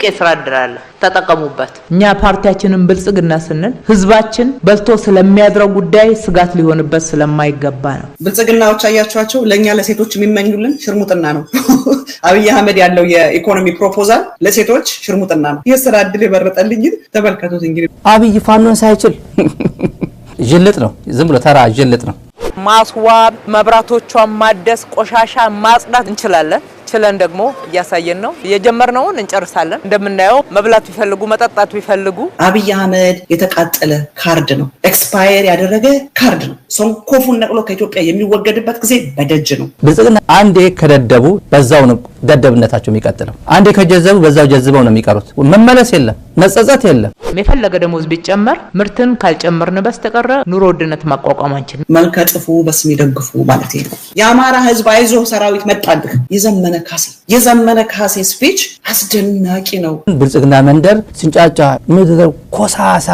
ትልቅ የስራ እድል አለ። ተጠቀሙበት። እኛ ፓርቲያችንን ብልጽግና ስንል ህዝባችን በልቶ ስለሚያድረው ጉዳይ ስጋት ሊሆንበት ስለማይገባ ነው። ብልጽግናዎች አያቸዋቸው ለእኛ ለሴቶች የሚመኙልን ሽርሙጥና ነው። አብይ አህመድ ያለው የኢኮኖሚ ፕሮፖዛል ለሴቶች ሽርሙጥና ነው። የስራ እድል የበረጠልኝ ተመልከቱት። እንግዲህ አብይ ፋኖን ሳይችል ጅልጥ ነው። ዝም ብሎ ተራ ጅልጥ ነው። ማስዋብ፣ መብራቶቿን ማደስ፣ ቆሻሻ ማጽዳት እንችላለን። ችለን ደግሞ እያሳየን ነው። የጀመርነውን እንጨርሳለን። እንደምናየው መብላት ቢፈልጉ መጠጣት ቢፈልጉ አብይ አህመድ የተቃጠለ ካርድ ነው፣ ኤክስፓየር ያደረገ ካርድ ነው። ሰንኮፉን ነቅሎ ከኢትዮጵያ የሚወገድበት ጊዜ በደጅ ነው። ብልጽግና አንዴ ከደደቡ በዛው ነው ደደብነታቸው የሚቀጥለው። አንዴ ከጀዘቡ በዛው ጀዝበው ነው የሚቀሩት። መመለስ የለም፣ መጸጸት የለም። የፈለገ ደሞዝ ቢጨመር ምርትን ካልጨመርን በስተቀረ ኑሮ ውድነት ማቋቋም አንችልም። መልከ ጥፉ ማለት ነው። የአማራ ህዝብ አይዞ ሰራዊት መጣልህ የዘመነ ካሴ የዘመነ ካሴ ስፒች አስደናቂ ነው። ብልጽግና መንደር ስንጫጫ ምድር ኮሳሳ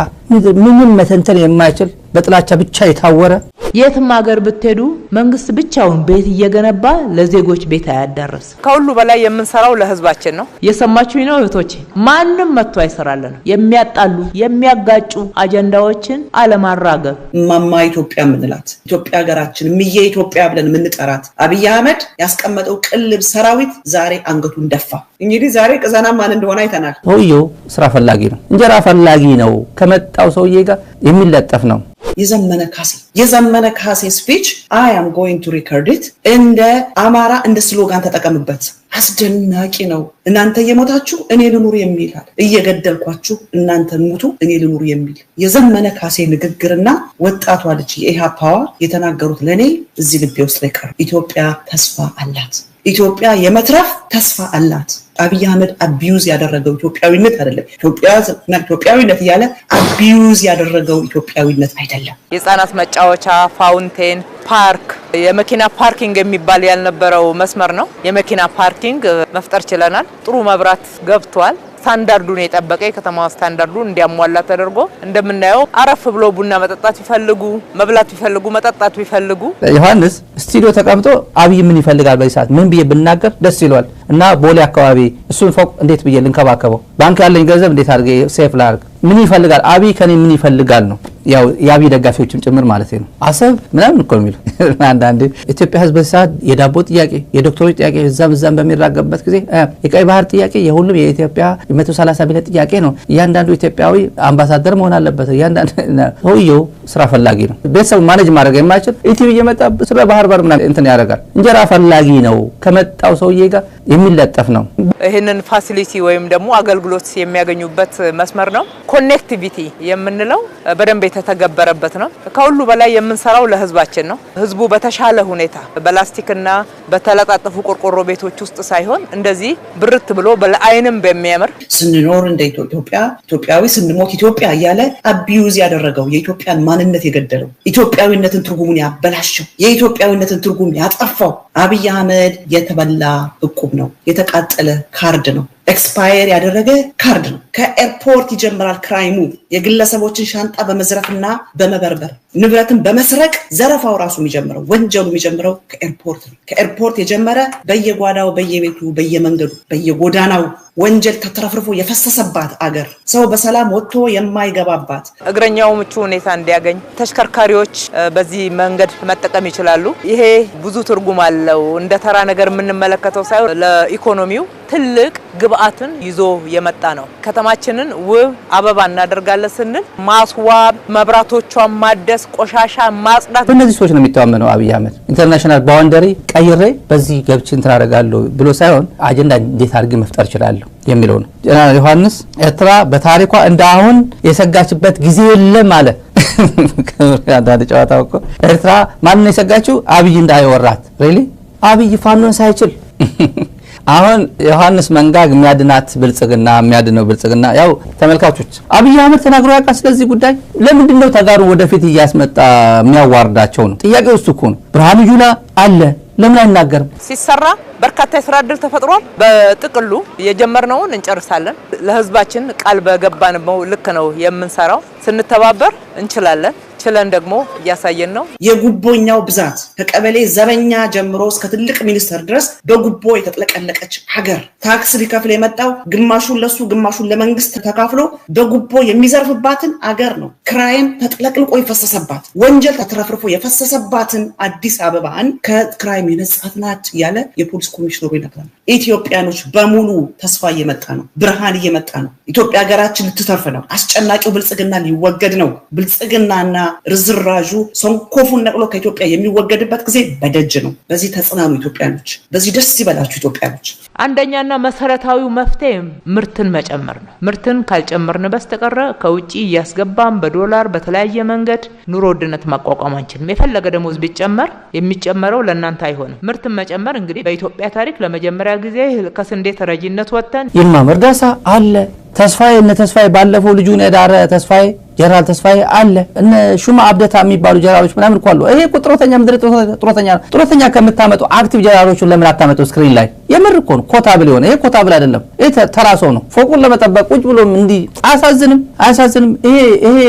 ምንም መተንተን የማይችል በጥላቻ ብቻ የታወረ የትም ሀገር ብትሄዱ መንግስት ብቻውን ቤት እየገነባ ለዜጎች ቤት አያዳረስ። ከሁሉ በላይ የምንሰራው ለህዝባችን ነው። የሰማችሁ ነው እህቶቼ፣ ማንም መጥቶ አይሰራልንም። የሚያጣሉ የሚያጋጩ አጀንዳዎችን አለማራገብ። እማማ ኢትዮጵያ የምንላት ኢትዮጵያ ሀገራችን ምየ ኢትዮጵያ ብለን የምንጠራት አብይ አህመድ ያስቀመጠው ቅልብ ሰራዊት ዛሬ አንገቱን ደፋ። እንግዲህ ዛሬ ቅዘና ማን እንደሆነ አይተናል። ሰውየው ስራ ፈላጊ ነው፣ እንጀራ ፈላጊ ነው። ከመጣው ሰውዬ ጋር የሚለጠፍ ነው። የዘመነ ካሴ የዘመነ ካሴ ስፒች አይ አም ጎይንግ ቱ ሪከርድ ኢት እንደ አማራ እንደ ስሎጋን ተጠቀምበት። አስደናቂ ነው። እናንተ እየሞታችሁ እኔ ልኑር የሚል እየገደልኳችሁ እናንተ ሙቱ እኔ ልኑር የሚል የዘመነ ካሴ ንግግርና ወጣቷ ልጅ የኢሃፓዋ የተናገሩት ለእኔ እዚህ ልቤ ውስጥ ላይ ቀር። ኢትዮጵያ ተስፋ አላት። ኢትዮጵያ የመትረፍ ተስፋ አላት። አብይ አህመድ አቢዩዝ ያደረገው ኢትዮጵያዊነት አይደለም። ኢትዮጵያዊነት እያለ አቢዩዝ ያደረገው ኢትዮጵያዊነት አይደለም። የህፃናት መጫወቻ፣ ፋውንቴን ፓርክ፣ የመኪና ፓርኪንግ የሚባል ያልነበረው መስመር ነው። የመኪና ፓርኪንግ መፍጠር ችለናል። ጥሩ መብራት ገብቷል። ስታንዳርዱን የጠበቀ የከተማ ስታንዳርዱን እንዲያሟላ ተደርጎ እንደምናየው አረፍ ብሎ ቡና መጠጣት ቢፈልጉ መብላት ቢፈልጉ መጠጣት ቢፈልጉ ዮሐንስ ስቱዲዮ ተቀምጦ አብይ ምን ይፈልጋል በዚህ ሰዓት ምን ብዬ ብናገር ደስ ይሏል እና ቦሌ አካባቢ እሱን ፎቅ እንዴት ብዬ ልንከባከበው ባንክ ያለኝ ገንዘብ እንዴት አድርጌ ሴፍ ላርግ ምን ይፈልጋል አብይ ከኔ ምን ይፈልጋል ነው ያው የአብይ ደጋፊዎችም ጭምር ማለት ነው። አሰብ ምናምን እኮ የሚሉ አንዳንድ ኢትዮጵያ ሕዝብ በዚህ ሰዓት የዳቦ ጥያቄ፣ የዶክተሮች ጥያቄ እዛም እዛም በሚራገብበት ጊዜ የቀይ ባህር ጥያቄ የሁሉም የኢትዮጵያ 130 ሚሊዮን ጥያቄ ነው። እያንዳንዱ ኢትዮጵያዊ አምባሳደር መሆን አለበት። እያንዳንዱ ሰውየው ስራ ፈላጊ ነው። ቤተሰቡ ማኔጅ ማድረግ የማይችል ኢቲቪ እየመጣ ስለ ባህር በር ምናምን እንትን ያደርጋል። እንጀራ ፈላጊ ነው። ከመጣው ሰውዬ ጋር የሚለጠፍ ነው። ይህንን ፋሲሊቲ ወይም ደግሞ አገልግሎት የሚያገኙበት መስመር ነው ኮኔክቲቪቲ የምንለው በደንብ የተተገበረበት ነው። ከሁሉ በላይ የምንሰራው ለህዝባችን ነው። ህዝቡ በተሻለ ሁኔታ በላስቲክና በተለጣጠፉ ቆርቆሮ ቤቶች ውስጥ ሳይሆን እንደዚህ ብርት ብሎ በለአይንም በሚያምር ስንኖር እንደ ኢትዮጵያ ኢትዮጵያዊ ስንሞት ኢትዮጵያ እያለ አቢዩዝ ያደረገው የኢትዮጵያን ማንነት የገደለው ኢትዮጵያዊነትን ትርጉሙን ያበላሸው የኢትዮጵያዊነትን ትርጉም ያጠፋው አብይ አህመድ የተበላ እቁብ ነው፣ የተቃጠለ ካርድ ነው። ኤክስፓየር ያደረገ ካርድ ነው። ከኤርፖርት ይጀምራል ክራይሙ። የግለሰቦችን ሻንጣ በመዝረፍና በመበርበር ንብረትን በመስረቅ ዘረፋው ራሱ የሚጀምረው ወንጀሉ የሚጀምረው ከኤርፖርት ነው። ከኤርፖርት የጀመረ በየጓዳው፣ በየቤቱ፣ በየመንገዱ፣ በየጎዳናው ወንጀል ተትረፍርፎ የፈሰሰባት አገር ሰው በሰላም ወጥቶ የማይገባባት እግረኛው ምቹ ሁኔታ እንዲያገኝ ተሽከርካሪዎች በዚህ መንገድ መጠቀም ይችላሉ። ይሄ ብዙ ትርጉም አለው። እንደ ተራ ነገር የምንመለከተው ሳይሆን ለኢኮኖሚው ትልቅ ግብአትን ይዞ የመጣ ነው። ከተማችንን ውብ አበባ እናደርጋለን ስንል ማስዋብ፣ መብራቶቿን ማደስ፣ ቆሻሻ ማጽዳት፣ በእነዚህ ሰዎች ነው የሚተማመነው አብይ አህመድ። ኢንተርናሽናል ባውንደሪ ቀይሬ በዚህ ገብቼ እንትን አደርጋለሁ ብሎ ሳይሆን አጀንዳ እንዴት አድርጌ መፍጠር እችላለሁ የሚለው ነው። ጀነራል ዮሐንስ ኤርትራ በታሪኳ እንደ አሁን የሰጋችበት ጊዜ የለም አለ። አንዳንድ ጨዋታ እኮ ኤርትራ ማንን የሰጋችው አብይ እንዳይወራት ሬሊ አብይ ፋኖን ሳይችል አሁን ዮሐንስ መንጋግ የሚያድናት ብልጽግና የሚያድነው ብልጽግና ያው ተመልካቾች አብይ አህመድ ተናግሮ ያውቃል። ስለዚህ ጉዳይ ለምንድን ነው ተጋሩ ወደፊት እያስመጣ የሚያዋርዳቸው ነው ጥያቄ እሱ እኮ ነው። ብርሃኑ ጁላ አለ ለምን አይናገርም? ሲሰራ በርካታ የስራ እድል ተፈጥሯል። በጥቅሉ የጀመርነውን እንጨርሳለን። ለህዝባችን ቃል በገባን ልክ ነው የምንሰራው። ስንተባበር እንችላለን። ችለን ደግሞ እያሳየን ነው። የጉቦኛው ብዛት ከቀበሌ ዘበኛ ጀምሮ እስከ ትልቅ ሚኒስተር ድረስ በጉቦ የተጥለቀለቀች ሀገር ታክስ ሊከፍል የመጣው ግማሹን ለሱ ግማሹን ለመንግስት ተካፍሎ በጉቦ የሚዘርፍባትን አገር ነው። ክራይም ተጥለቅልቆ የፈሰሰባት ወንጀል ተትረፍርፎ የፈሰሰባትን አዲስ አበባን ከክራይም የነጻት ናት እያለ የፖሊስ ኮሚሽነሩ ይነግራል። ኢትዮጵያኖች በሙሉ ተስፋ እየመጣ ነው። ብርሃን እየመጣ ነው። ኢትዮጵያ ሀገራችን ልትተርፍ ነው። አስጨናቂው ብልጽግና ሊወገድ ነው። ብልጽግናና ርዝራዡ ሰንኮፉን ነቅሎ ከኢትዮጵያ የሚወገድበት ጊዜ በደጅ ነው። በዚህ ተጽናኑ ኢትዮጵያኖች፣ በዚህ ደስ ይበላችሁ ኢትዮጵያኖች። አንደኛና መሰረታዊው መፍትሄ ምርትን መጨመር ነው። ምርትን ካልጨመርን በስተቀረ ከውጭ እያስገባን በዶላር በተለያየ መንገድ ኑሮ ውድነት ማቋቋም አንችልም። የፈለገ ደሞዝ ቢጨመር የሚጨመረው ለእናንተ አይሆንም። ምርትን መጨመር እንግዲህ በኢትዮጵያ ታሪክ ለመጀመሪያ ጊዜ ከስንዴ ተረጂነት ወጥተን ይልማ መርዳሳ አለ ተስፋዬ እነ ተስፋዬ ባለፈው ልጁን የዳረ ተስፋዬ ጀነራል ተስፋዬ አለ እነ ሹማ አብደታ የሚባሉ ጀነራሎች ምናምን እኮ አሉ። ይሄ እኮ ጥሮተኛ ምድር ጥሮተኛ ነው። ጥሮተኛ ከምታመጡ አክቲቭ ጀነራሎቹን ለምን አታመጡ? ስክሪን ላይ የምር እኮ ነው። ኮታብል የሆነ ይሄ ኮታብል አይደለም። ይሄ ተራ ሰው ነው። ፎቁን ለመጠበቅ ቁጭ ብሎም እንዲህ አያሳዝንም? አያሳዝንም? ይሄ ይሄ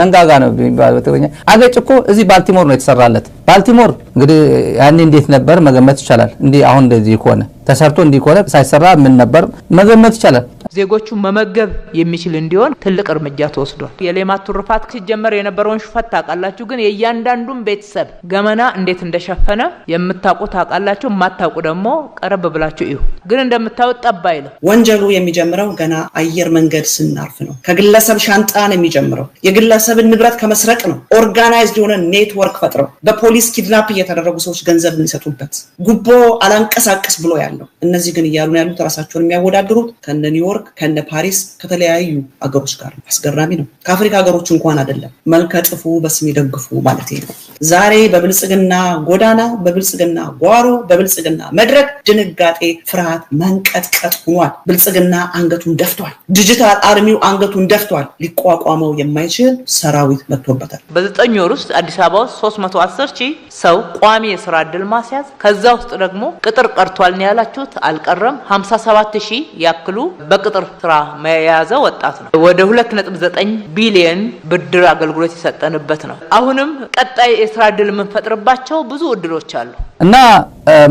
መንጋጋ ነው የሚባለው በትግርኛ። አገጭ እኮ እዚህ ባልቲሞር ነው የተሰራለት። ባልቲሞር እንግዲህ ያኔ እንዴት ነበር መገመት ይቻላል። እንዲህ አሁን እንደዚህ ከሆነ ተሰርቶ እንዲህ ከሆነ ሳይሰራ ምን ነበር መገመት ይቻላል። ዜጎቹን መመገብ የሚችል እንዲሆን ትልቅ እርምጃ ተወስዷል። የሌማት ትሩፋት ሲጀመር የነበረውን ሹፈት ታውቃላችሁ። ግን የእያንዳንዱን ቤተሰብ ገመና እንዴት እንደሸፈነ የምታውቁ ታውቃላችሁ፣ የማታውቁ ደግሞ ቀረብ ብላችሁ ይሁ። ግን እንደምታዩት ጠባይ ነው። ወንጀሉ የሚጀምረው ገና አየር መንገድ ስናርፍ ነው። ከግለሰብ ሻንጣ ነው የሚጀምረው። የግለሰብን ንብረት ከመስረቅ ነው። ኦርጋናይዝድ የሆነ ኔትወርክ ፈጥረው በፖሊስ ኪድናፕ እየተደረጉ ሰዎች ገንዘብ የሚሰጡበት ጉቦ አላንቀሳቀስ ብሎ ያለው እነዚህ ግን እያሉ ያሉት ራሳቸውን የሚያወዳድሩት ከነ ኒውዮርክ ኒውዮርክ ከነ ፓሪስ ከተለያዩ አገሮች ጋር አስገራሚ ነው። ከአፍሪካ ሀገሮች እንኳን አይደለም። መልከ ጥፉ በስም ይደግፉ ማለት ነው። ዛሬ በብልጽግና ጎዳና፣ በብልጽግና ጓሮ፣ በብልጽግና መድረክ ድንጋጤ፣ ፍርሃት፣ መንቀጥቀጥ ሆኗል። ብልጽግና አንገቱን ደፍቷል። ዲጂታል አርሚው አንገቱን ደፍቷል። ሊቋቋመው የማይችል ሰራዊት መጥቶበታል። በዘጠኝ ወር ውስጥ አዲስ አበባ ውስጥ 310 ሺህ ሰው ቋሚ የስራ እድል ማስያዝ ከዛ ውስጥ ደግሞ ቅጥር ቀርቷል ነው ያላችሁት። አልቀረም 57 ሺህ ያክሉ በቅ ቅጥር ስራ መያዘ ወጣት ነው። ወደ 2.9 ቢሊየን ብድር አገልግሎት የሰጠንበት ነው። አሁንም ቀጣይ የስራ እድል የምንፈጥርባቸው ብዙ እድሎች አሉ እና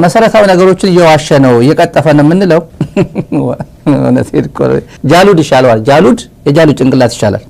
መሰረታዊ ነገሮችን እየዋሸ ነው እየቀጠፈ ነው የምንለው። ጃሉድ ይሻለዋል። ጃሉድ የጃሉድ ጭንቅላት ይሻላል።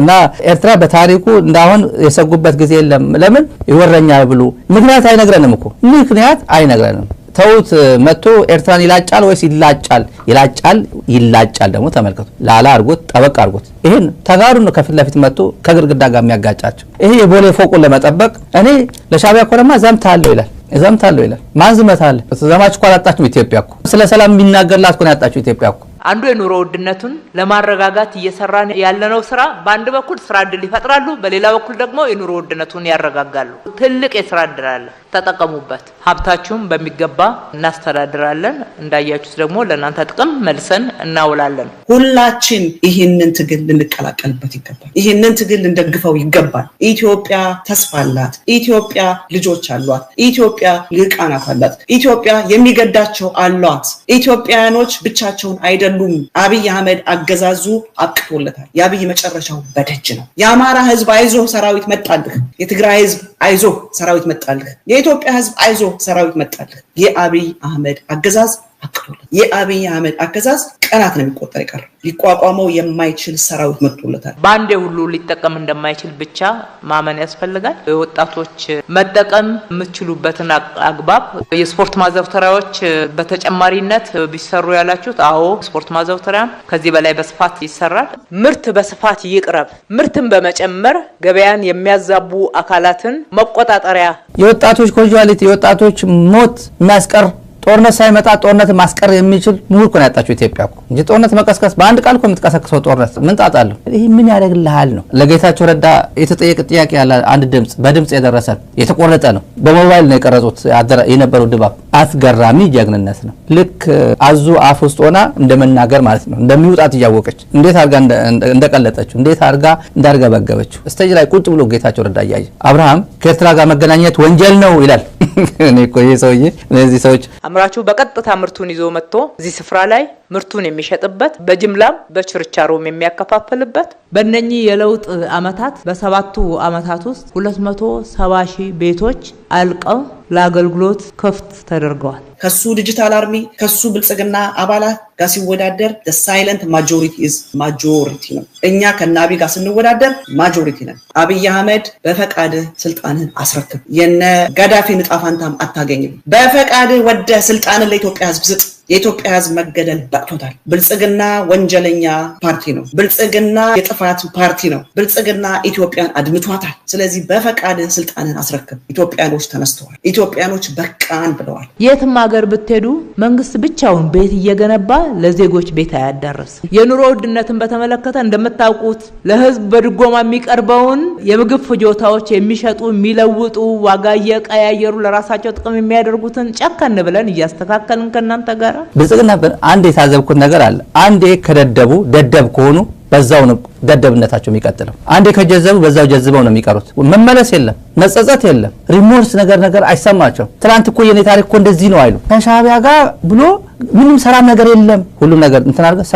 እና ኤርትራ በታሪኩ እንዳሁን የሰጉበት ጊዜ የለም። ለምን ይወረኛል ብሉ ምክንያት አይነግረንም እኮ ምክንያት አይነግረንም። ተውት መጥቶ ኤርትራን ይላጫል ወይስ ይላጫል? ይላጫል ይላጫል። ደግሞ ተመልከቱ፣ ላላ አርጎት ጠበቅ አርጎት ይህን ተጋሩ ነው ከፊት ለፊት መጥቶ ከግድግዳ ጋር የሚያጋጫቸው። ይሄ የቦሌ ፎቁን ለመጠበቅ እኔ ለሻቢያ ኮለማ ዘምታለሁ ይላል ዘምታለሁ ይላል። ማን ዝመታለ? ዘማች እኮ አላጣችሁም። ኢትዮጵያ እኮ ስለ ሰላም የሚናገርላት እኮ ነው ያጣችሁ ኢትዮጵያ እኮ አንዱ የኑሮ ውድነቱን ለማረጋጋት እየሰራን ያለነው ስራ በአንድ በኩል ስራ እድል ይፈጥራሉ፣ በሌላ በኩል ደግሞ የኑሮ ውድነቱን ያረጋጋሉ። ትልቅ የስራ እድል አለ፣ ተጠቀሙበት። ሀብታችሁም በሚገባ እናስተዳድራለን። እንዳያችሁት ደግሞ ለእናንተ ጥቅም መልሰን እናውላለን። ሁላችን ይህንን ትግል ልንቀላቀልበት ይገባል። ይህንን ትግል ልንደግፈው ይገባል። ኢትዮጵያ ተስፋ አላት። ኢትዮጵያ ልጆች አሏት። ኢትዮጵያ ልቃናት አላት። ኢትዮጵያ የሚገዳቸው አሏት። ኢትዮጵያውያኖች ብቻቸውን አይደሉም። አይደሉም። አብይ አህመድ አገዛዙ አቅቶለታል። የአብይ መጨረሻው በደጅ ነው። የአማራ ህዝብ አይዞ ሰራዊት መጣልህ። የትግራይ ህዝብ አይዞ ሰራዊት መጣልህ። የኢትዮጵያ ህዝብ አይዞ ሰራዊት መጣልህ። የአብይ አህመድ አገዛዝ አቅዶለት የአብይ አህመድ አገዛዝ ቀናት ነው የሚቆጠር ይቀር ሊቋቋመው የማይችል ሰራዊት መጥቶለታል። በአንዴ ሁሉ ሊጠቀም እንደማይችል ብቻ ማመን ያስፈልጋል። ወጣቶች መጠቀም የምትችሉበትን አግባብ የስፖርት ማዘውተሪያዎች በተጨማሪነት ቢሰሩ ያላችሁት፣ አዎ ስፖርት ማዘውተሪያም ከዚህ በላይ በስፋት ይሰራል። ምርት በስፋት ይቅረብ። ምርትን በመጨመር ገበያን የሚያዛቡ አካላትን መቆጣጠሪያ የወጣቶች ኮንዋሊቲ የወጣቶች ሞት የሚያስቀር ጦርነት ሳይመጣ ጦርነት ማስቀር የሚችል ምሁር እኮ ነው ያጣችሁ ኢትዮጵያ እኮ እንጂ ጦርነት መቀስቀስ በአንድ ቃል እኮ የምትቀሰቅሰው ጦርነት ምን ጣጣ አለው? ይህ ምን ያደርግልሃል ነው። ለጌታቸው ረዳ የተጠየቀ ጥያቄ ያለ አንድ ድምፅ በድምፅ የደረሰ የተቆረጠ ነው። በሞባይል ነው የቀረጹት የነበረው ድባብ አስገራሚ ጀግንነት ነው። ልክ አዙ አፍ ውስጥ ሆና እንደመናገር ማለት ነው። እንደሚውጣት እያወቀች እንዴት አርጋ እንደቀለጠችው እንዴት አድርጋ እንዳርገበገበችው ስቴጅ ላይ ቁጭ ብሎ ጌታቸው ረዳ እያየ አብርሃም ከኤርትራ ጋር መገናኘት ወንጀል ነው ይላል። እኔ እኮ ይህ ሰውዬ እነዚህ ሰዎች አምራቹ በቀጥታ ምርቱን ይዞ መጥቶ እዚህ ስፍራ ላይ ምርቱን የሚሸጥበት በጅምላም በችርቻሮም የሚያከፋፍልበት በእነኚህ የለውጥ አመታት በሰባቱ አመታት ውስጥ ሰባ ሺህ ቤቶች አልቀው ለአገልግሎት ክፍት ተደርገዋል። ከሱ ዲጂታል አርሚ ከሱ ብልጽግና አባላት ጋር ሲወዳደር ሳይለንት ማጆሪቲ ኢዝ ማጆሪቲ ነው። እኛ ከነ አብይ ጋር ስንወዳደር ማጆሪቲ ነን። አብይ አህመድ በፈቃድ ስልጣንን አስረክብ፣ የነ ጋዳፊ ንጣፋንታም አታገኝም። በፈቃድ ወደ ስልጣንን ለኢትዮጵያ ህዝብ ስጥ። የኢትዮጵያ ህዝብ መገደል በቅቶታል። ብልጽግና ወንጀለኛ ፓርቲ ነው። ብልጽግና የጥፋት ፓርቲ ነው። ብልጽግና ኢትዮጵያን አድምቷታል። ስለዚህ በፈቃድ ስልጣንን አስረክብ። ኢትዮጵያኖች ተነስተዋል። ኢትዮጵያኖች በቃን ብለዋል። የትም ሀገር ብትሄዱ መንግስት ብቻውን ቤት እየገነባ ለዜጎች ቤት አያዳረስም። የኑሮ ውድነትን በተመለከተ እንደምታውቁት ለህዝብ በድጎማ የሚቀርበውን የምግብ ፍጆታዎች የሚሸጡ የሚለውጡ፣ ዋጋ እየቀያየሩ ለራሳቸው ጥቅም የሚያደርጉትን ጨከን ብለን እያስተካከልን ከእናንተ ጋር ነበረ። ብልጽግና አንድ የታዘብኩት ነገር አለ። አንዴ ከደደቡ ደደብ ከሆኑ በዛው ነው ደደብነታቸው የሚቀጥለው። አንዴ ከጀዘቡ በዛው ጀዝበው ነው የሚቀሩት። መመለስ የለም፣ መጸጸት የለም፣ ሪሞርስ ነገር ነገር አይሰማቸው። ትናንት እኮ የኔ ታሪክ እኮ እንደዚህ ነው አይሉ። ከሻቢያ ጋር ብሎ ምንም ሰላም ነገር የለም። ሁሉም ነገር እንትን አድርገህ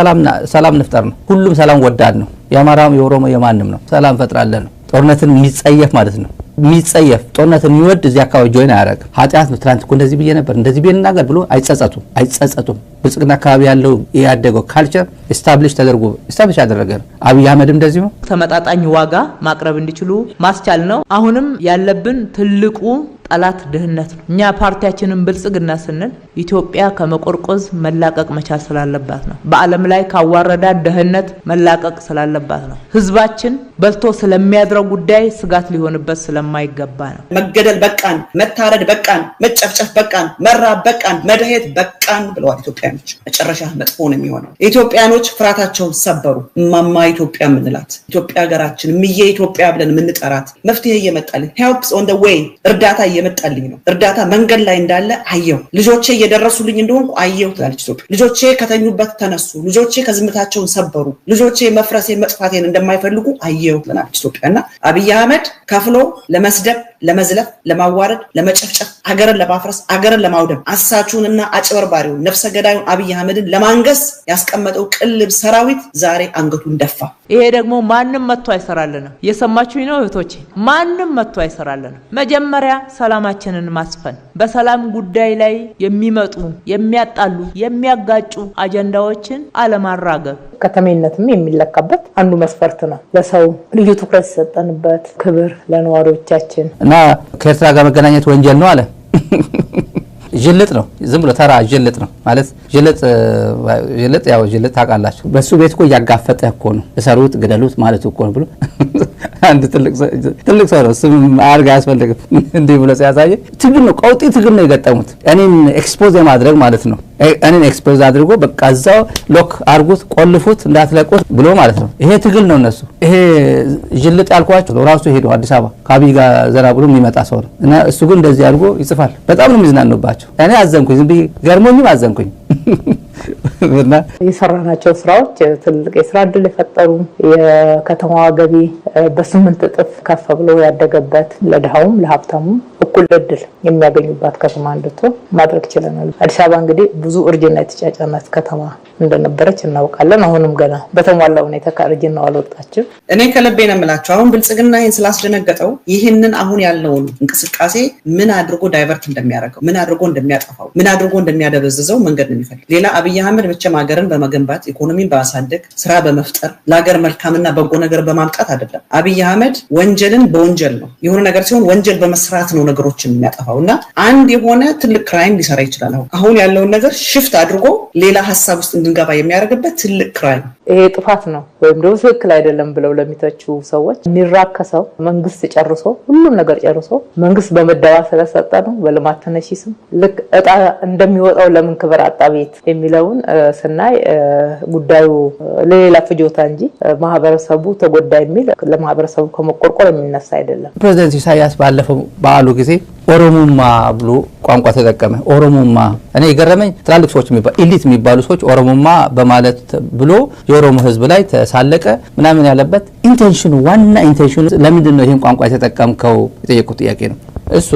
ሰላም ንፍጠር ነው። ሁሉም ሰላም ወዳድ ነው። የአማራም የኦሮሞ የማንም ነው። ሰላም ፈጥራለን ነው። ጦርነትን የሚጸየፍ ማለት ነው። የሚጸየፍ ጦርነትን የሚወድ እዚህ አካባቢ ጆይን አያደርግም። ኃጢአት ነው። ትናንት እኮ እንደዚህ ብዬ ነበር እንደዚህ ብዬ እናገር ብሎ አይጸጸቱም፣ አይጸጸቱም። ብልጽግና አካባቢ ያለው ያደገው ካልቸር ስታብሊሽ ተደርጎ ስታብሊሽ ያደረገ ነው። አብይ አህመድ እንደዚሁ ተመጣጣኝ ዋጋ ማቅረብ እንዲችሉ ማስቻል ነው። አሁንም ያለብን ትልቁ ጠላት ድህነት ነው። እኛ ፓርቲያችንን ብልጽግና ስንል ኢትዮጵያ ከመቆርቆዝ መላቀቅ መቻል ስላለባት ነው። በዓለም ላይ ካዋረዳ ድህነት መላቀቅ ስላለባት ነው። ህዝባችን በልቶ ስለሚያድረው ጉዳይ ስጋት ሊሆንበት ስለማይገባ ነው። መገደል በቃን፣ መታረድ በቃን፣ መጨፍጨፍ በቃን፣ መራብ በቃን፣ መድሄት በቃን ብለዋል ኢትዮጵያኖች። መጨረሻ መጥፎ ነው የሚሆነው። ኢትዮጵያኖች ፍርሃታቸውን ሰበሩ። እማማ ኢትዮጵያ የምንላት ኢትዮጵያ ሀገራችን፣ ምየ ኢትዮጵያ ብለን የምንጠራት መፍትሄ እየመጣልን ሄልፕስ ኦን ደ ዌይ እርዳታ የመጣልኝ ነው። እርዳታ መንገድ ላይ እንዳለ አየሁ። ልጆቼ እየደረሱልኝ እንደሆንኩ አየሁ ትላለች ኢትዮጵያ። ልጆቼ ከተኙበት ተነሱ፣ ልጆቼ ከዝምታቸውን ሰበሩ፣ ልጆቼ መፍረሴን መጥፋቴን እንደማይፈልጉ አየሁ ትላለች ኢትዮጵያ እና አብይ አህመድ ከፍሎ ለመስደብ ለመዝለፍ፣ ለማዋረድ፣ ለመጨፍጨፍ፣ አገርን ለማፍረስ፣ አገርን ለማውደም አሳቹንና አጭበርባሪውን ነፍሰ ገዳዩን አብይ አህመድን ለማንገስ ያስቀመጠው ቅልብ ሰራዊት ዛሬ አንገቱን ደፋ። ይሄ ደግሞ ማንም መጥቶ አይሰራልንም። እየሰማችሁኝ ነው እህቶቼ? ማንም መጥቶ አይሰራልንም። መጀመሪያ ሰላማችንን ማስፈን፣ በሰላም ጉዳይ ላይ የሚመጡ የሚያጣሉ፣ የሚያጋጩ አጀንዳዎችን አለማራገብ ከተሜነትም የሚለካበት አንዱ መስፈርት ነው። ለሰው ልዩ ትኩረት የሰጠንበት ክብር ለነዋሪዎቻችን እና ከኤርትራ ጋር መገናኘት ወንጀል ነው አለ። ጅልጥ ነው፣ ዝም ብሎ ተራ ጅልጥ ነው ማለት ጅልጥ፣ ያው ጅልጥ ታውቃላችሁ። በሱ ቤት እኮ እያጋፈጠ እኮ ነው እሰሩት ግደሉት ማለት እኮ ነው ብሎ አንድ ትልቅ ሰው ነው እሱም አድርግ አያስፈልግም። እንዲህ ብሎ ሲያሳየ ትግል ነው፣ ቀውጢ ትግል ነው የገጠሙት። እኔን ኤክስፖዝ የማድረግ ማለት ነው እኔን ኤክስፖዝ አድርጎ በቃ እዛው ሎክ አርጉት፣ ቆልፉት፣ እንዳትለቁት ብሎ ማለት ነው። ይሄ ትግል ነው እነሱ። ይሄ ጅልጥ ያልኳቸው ራሱ ሄዶ አዲስ አበባ ከአብይ ጋር ዘና ብሎ የሚመጣ ሰው ነው እና እሱ ግን እንደዚህ አድርጎ ይጽፋል። በጣም ነው የሚዝናኑባቸው። እኔ አዘንኩኝ፣ ዝም ብዬ ገርሞኝም አዘንኩኝ። የሰራናቸው ስራዎች ትልቅ የስራ እድል የፈጠሩ የከተማዋ ገቢ በስምንት እጥፍ ከፍ ብሎ ያደገበት ለድሃውም ለሀብታሙም እኩል እድል የሚያገኙባት ከተማ እንድትሆን ማድረግ ችለናል። አዲስ አበባ እንግዲህ ብዙ እርጅና የተጫጫናት ከተማ እንደነበረች እናውቃለን። አሁንም ገና በተሟላ ሁኔታ ከእርጅናው አልወጣችም። እኔ ከልቤ ነው የምላቸው። አሁን ብልጽግና ይህን ስላስደነገጠው ይህንን አሁን ያለውን እንቅስቃሴ ምን አድርጎ ዳይቨርት እንደሚያደርገው፣ ምን አድርጎ እንደሚያጠፋው፣ ምን አድርጎ እንደሚያደበዝዘው መንገድ ነው የሚፈልግ። ሌላ አብይ አህመድ መቼም ሀገርን በመገንባት ኢኮኖሚን በማሳደግ ስራ በመፍጠር ለሀገር መልካምና በጎ ነገር በማምጣት አይደለም። አብይ አህመድ ወንጀልን በወንጀል ነው የሆነ ነገር ሲሆን ወንጀል በመስራት ነው ነገ ነገሮችን የሚያጠፋው እና አንድ የሆነ ትልቅ ክራይም ሊሰራ ይችላል። አሁን አሁን ያለውን ነገር ሽፍት አድርጎ ሌላ ሀሳብ ውስጥ እንድንገባ የሚያደርግበት ትልቅ ክራይም ይሄ ጥፋት ነው ወይም ደግሞ ትክክል አይደለም ብለው ለሚተቹ ሰዎች የሚራከሰው መንግስት ጨርሶ ሁሉም ነገር ጨርሶ መንግስት በመደባ ስለሰጠ ነው። በልማት ተነሺ ስም ልክ እጣ እንደሚወጣው ለምን ክብር አጣ ቤት የሚለውን ስናይ ጉዳዩ ለሌላ ፍጆታ እንጂ ማህበረሰቡ ተጎዳ የሚል ለማህበረሰቡ ከመቆርቆር የሚነሳ አይደለም። ፕሬዚደንት ኢሳያስ ባለፈው በዓሉ ጊዜ ጊዜ ኦሮሞማ ብሎ ቋንቋ ተጠቀመ። ኦሮሞማ እኔ የገረመኝ ትላልቅ ሰዎች ኢሊት የሚባሉ ሰዎች ኦሮሞማ በማለት ብሎ የኦሮሞ ሕዝብ ላይ ተሳለቀ ምናምን ያለበት ኢንቴንሽኑ ዋና ኢንቴንሽኑ ለምንድን ነው ይህን ቋንቋ የተጠቀምከው? የጠየቁት ጥያቄ ነው እሱ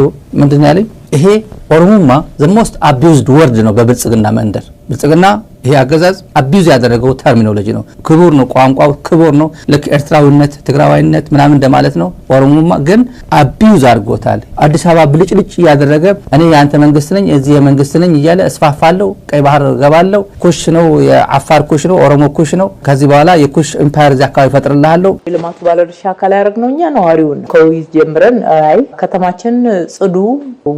ምንድን ያለኝ ይሄ ኦሮሞማ ዘሞስት አቢዝድ ወርድ ነው በብልጽግና መንደር። ብልጽግና ይሄ አገዛዝ አቢዩዝ ያደረገው ተርሚኖሎጂ ነው። ክቡር ነው ቋንቋው፣ ክቡር ነው ልክ ኤርትራዊነት፣ ትግራዋይነት ምናምን እንደማለት ነው። ኦሮሞማ ግን አቢዩዝ አድርጎታል። አዲስ አበባ ብልጭልጭ እያደረገ እኔ የአንተ መንግስት ነኝ፣ እዚህ የመንግስት ነኝ እያለ እስፋፋለው፣ ቀይ ባህር ገባለው፣ ኩሽ ነው የአፋር ኩሽ ነው ኦሮሞ ኩሽ ነው። ከዚህ በኋላ የኩሽ ኢምፓየር እዚህ አካባቢ ፈጥርልሃለሁ። ልማቱ ባለድርሻ አካል ያደረግነው እኛ ነዋሪውን ከውይይት ጀምረን አይ ከተማችን ጽዱ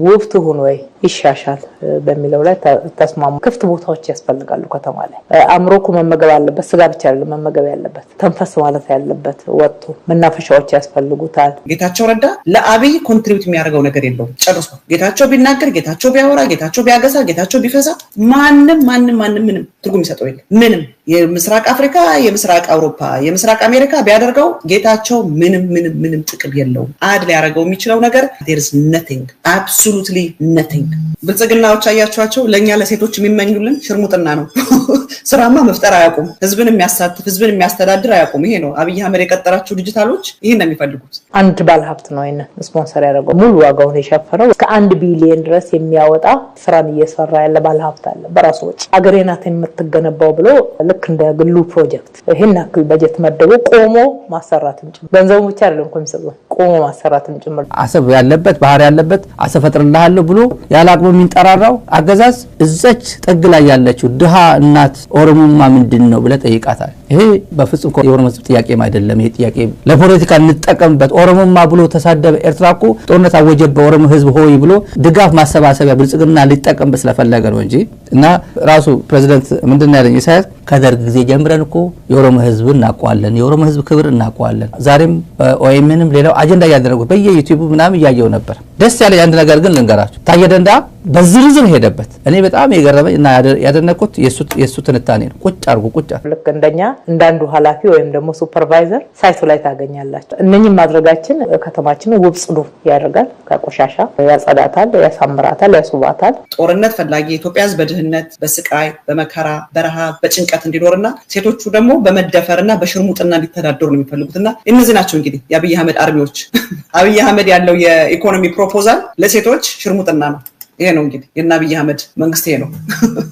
ውብ ትሁን ወይ ይሻሻል በሚለው ላይ ተስማሙ። ክፍት ቦታዎች ያስፈልጋሉ። ከተማ ላይ አእምሮኩ መመገብ አለበት። ስጋ ብቻ አይደለም መመገብ ያለበት፣ ተንፈስ ማለት ያለበት ወጥቶ መናፈሻዎች ያስፈልጉታል። ጌታቸው ረዳ ለአብይ ኮንትሪቢዩት የሚያደርገው ነገር የለው ጨርሶ። ጌታቸው ቢናገር፣ ጌታቸው ቢያወራ፣ ጌታቸው ቢያገሳ፣ ጌታቸው ቢፈሳ ማንም ማንም ማንም ምንም ትርጉም ይሰጠው የለም ምንም የምስራቅ አፍሪካ፣ የምስራቅ አውሮፓ፣ የምስራቅ አሜሪካ ቢያደርገው ጌታቸው ምንም ምንም ምንም ጥቅም የለውም። አድ ሊያደርገው የሚችለው ነገር ርስ ነቲንግ አብሶሉትሊ ነቲንግ። ብልጽግናዎች አያቸዋቸው ለእኛ ለሴቶች የሚመኙልን ሽርሙጥና ነው። ስራማ መፍጠር አያውቁም። ህዝብን የሚያሳትፍ ህዝብን የሚያስተዳድር አያውቁም። ይሄ ነው አብይ አህመድ የቀጠራቸው ዲጂታሎች ይህን ነው የሚፈልጉት። አንድ ባለሀብት ነው ይህንን ስፖንሰር ያደረገው ሙሉ ዋጋውን የሸፈነው እስከ አንድ ቢሊየን ድረስ የሚያወጣ ስራን እየሰራ ያለ ባለሀብት አለ። በራሱ ወጪ አገሬ ናት የምትገነባው ብሎ ልክ እንደ ግሉ ፕሮጀክት ይህን ያክል በጀት መደቡ ቆሞ ማሰራትም ጭምር ገንዘቡ ብቻ አይደለም እኮ የሚሰጡት ቆሞ ማሰራትም ጭምር አሰብ ያለበት ባህር ያለበት አሰብ ፈጥርልሃለሁ ብሎ ያለ አቅሙ የሚንጠራራው አገዛዝ እዛች ጥግ ላይ ያለችው ድሃ እናት ኦሮሞማ ምንድን ነው ብለ ጠይቃታል። ይሄ በፍጹም የኦሮሞ ህዝብ ጥያቄም አይደለም። ይሄ ጥያቄ ለፖለቲካ እንጠቀምበት። ኦሮሞማ ብሎ ተሳደበ። ኤርትራ እኮ ጦርነት አወጀበ ኦሮሞ ህዝብ ሆይ ብሎ ድጋፍ ማሰባሰቢያ ብልጽግና ሊጠቀምበት ስለፈለገ ነው እንጂ እና ራሱ ፕሬዚደንት ምንድን ነው ያለኝ ኢሳያስ ከደርግ ጊዜ ጀምረን እኮ የኦሮሞ ህዝብ እናውቀዋለን። የኦሮሞ ህዝብ ክብር እናውቀዋለን። ዛሬም በኦኤምንም ሌላው አጀንዳ እያደረጉት በየዩቲዩቡ ምናምን እያየው ነበር። ደስ ያለ አንድ ነገር ግን ልንገራችሁ። ታየ ደንዳ በዝርዝር ሄደበት። እኔ በጣም የገረመኝ እና ያደነኩት የእሱ ትንታኔ ነው። ቁጭ አርጉ፣ ቁጭ ልክ እንደኛ እንዳንዱ ኃላፊ ወይም ደግሞ ሱፐርቫይዘር ሳይቱ ላይ ታገኛላቸው። እነኝም ማድረጋችን ከተማችን ውብ፣ ጽዱ ያደርጋል፣ ከቆሻሻ ያጸዳታል፣ ያሳምራታል፣ ያስውባታል። ጦርነት ፈላጊ የኢትዮጵያ ሕዝብ በድህነት በስቃይ በመከራ በረሃብ በጭንቀት እንዲኖርና ሴቶቹ ደግሞ በመደፈርና በሽርሙጥና እንዲተዳደሩ ነው የሚፈልጉትና እነዚህ ናቸው እንግዲህ የአብይ አህመድ አርሚዎች። አብይ አህመድ ያለው የኢኮኖሚ ፕሮ ፕሮፖዛል ለሴቶች ሽርሙጥና ነው። ይሄ ነው እንግዲህ የእነ አህመድ መንግስት ይሄ ነው።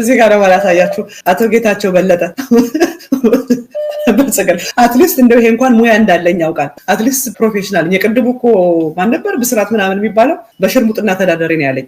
እዚህ ጋር ማላሳያችሁ አቶ ጌታቸው በለጠ በጽግር አትሊስት እንደው ይሄ እንኳን ሙያ እንዳለኝ ያውቃል። አትሊስት ፕሮፌሽናል የቅድሙ እኮ ማን ነበር ብስራት ምናምን የሚባለው በሽርሙጥና ተዳደሬ ነው ያለኝ።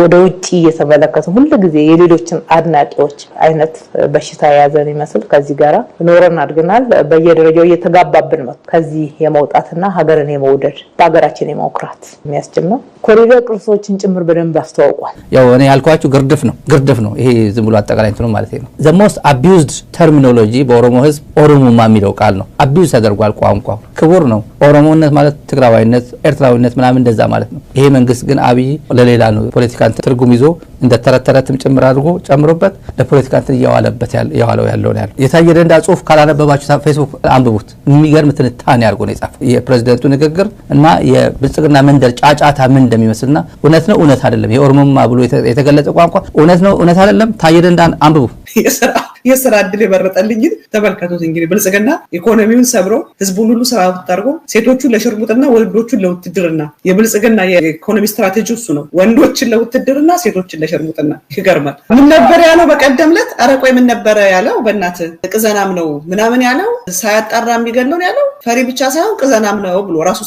ወደ ውጭ እየተመለከቱ ሁሉ ጊዜ የሌሎችን አድናቂዎች አይነት በሽታ የያዘን ይመስል ከዚህ ጋራ ኖረን አድግናል። በየደረጃው እየተጋባብን ነው። ከዚህ የመውጣትና ሀገርን የመውደድ በሀገራችን የመኩራት የሚያስችል ነው። ኮሪደር ቅርሶችን ጭምር በደንብ አስተዋውቋል። ያው እኔ ያልኳችሁ ግርድፍ ነው ግርድፍ ነው። ይሄ ዝም ብሎ አጠቃላይ እንትኑ ማለት ነው። ዘ ሞስት አቢዩዝድ ተርሚኖሎጂ በኦሮሞ ህዝብ ኦሮሞማ የሚለው ቃል ነው። አቢዩዝ ተደርጓል። ቋንቋው ክቡር ነው። ኦሮሞነት ማለት ትግራዋይነት፣ ኤርትራዊነት ምናምን እንደዛ ማለት ነው። ይሄ መንግስት ግን አብይ ለሌላ ነው ፖለቲካን ትርጉም ይዞ እንደ ተረት ተረትም ጭምር አድርጎ ጨምሮበት ለፖለቲካ እንትን እየዋለበት የዋለው ያለው ያለው። የታየ ደንዳ ጽሁፍ ካላነበባችሁ ፌስቡክ አንብቡት። የሚገርም ትንታኔ አድርጎ ነው የጻፈው። የፕሬዚደንቱ ንግግር እና የብልጽግና መንደር ጫጫታ ምን እንደሚመስልና እውነት ነው እውነት አይደለም፣ የኦሮሞማ ብሎ የተገለጸ ቋንቋ እውነት ነው እውነት አይደለም። ታየ ደንዳን አንብቡ። የስራ እድል የመረጠልኝን ተመልከቱት። እንግዲህ ብልጽግና ኢኮኖሚውን ሰብሮ ህዝቡን ሁሉ ስራ አድርጎ ሴቶቹን ለሽርሙጥና ወንዶቹን ለውትድርና የብልጽግና የኢኮኖሚ ስትራቴጂ እሱ ነው። ወንዶችን ለውትድርና፣ ሴቶችን ለሽርሙጥና። ይገርማል። ምን ነበር ያለው በቀደም ዕለት? ኧረ ቆይ ምን ነበረ ያለው? በእናት ቅዘናም ነው ምናምን ያለው ሳያጣራ የሚገለውን ያለው ፈሪ ብቻ ሳይሆን ቅዘናም ነው ብሎ ራሱ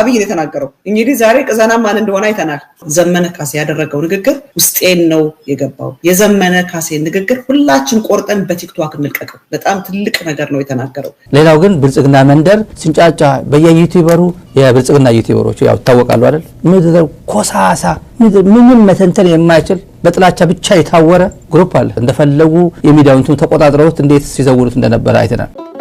አብይ ነው የተናገረው። እንግዲህ ዛሬ ቅዘና ማን እንደሆነ አይተናል። ዘመነ ካሴ ያደረገው ንግግር ውስጤን ነው የገባው። የዘመነ ካሴ ንግግር ሁላችን ቆርጠን ለምን በቲክቶክ እንልቀቀው? በጣም ትልቅ ነገር ነው የተናገረው። ሌላው ግን ብልጽግና መንደር ስንጫጫ በየዩቲዩበሩ የብልጽግና ዩቲዩበሮቹ ያው ይታወቃሉ አይደል? ምድር ኮሳሳ ምንም መተንተን የማይችል በጥላቻ ብቻ የታወረ ግሩፕ አለ። እንደፈለጉ የሚዲያውን ተቆጣጥረውት እንዴት ሲዘውሩት እንደነበረ አይተናል።